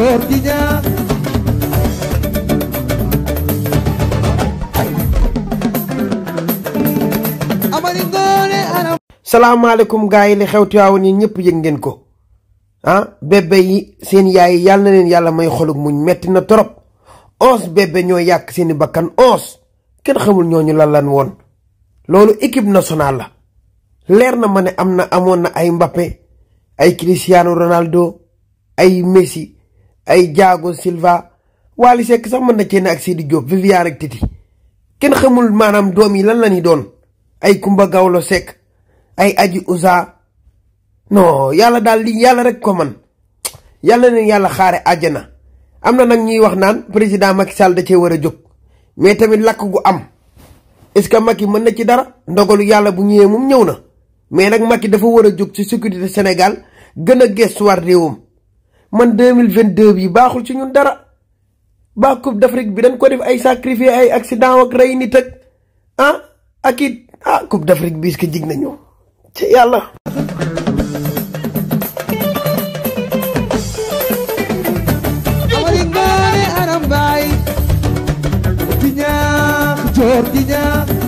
sepertinya salaamaaleykum gars yi li xew Tiwaawan ni ñepp yeeng ngeen ko ah bébé yi seen yaay yi na leen yalla may xoluk muñ metti na torop os bébé ñoo yak seen bakkan os ken xamul ñoñu lan lan won lolu équipe nationale la leer na mané amna amon na ay Mbappé ay Cristiano Ronaldo ay Messi ay jaago Silva Wally sekk sax mën na cee ne ak Sidi Diop Viviane ak Titi kenn xamul maanaam doom yi lan la ñuy doon ay Kumba Gawlo Seck ay Aji Ousa non yàlla daal li yàlla rek ko man yàlla ne yàlla xaare na am na nag ñuy wax naan président Macky Sall da cee war a jóg mais tamit lakk gu am est-ce que Macky mën na ci dara ndogalu yàlla bu ñëwee moom ñëw na mais nag Macky dafa war a jóg ci sécurité Sénégal gën a gestuwaat réewam man 2022 bi baxul ci ñun dara ba coupe d'afrique bi dañ ko def ay sacrifice ay accident ak ray nit ak ah akit ah coupe d'afrique bi que jig nañu ci yàlla Jordiña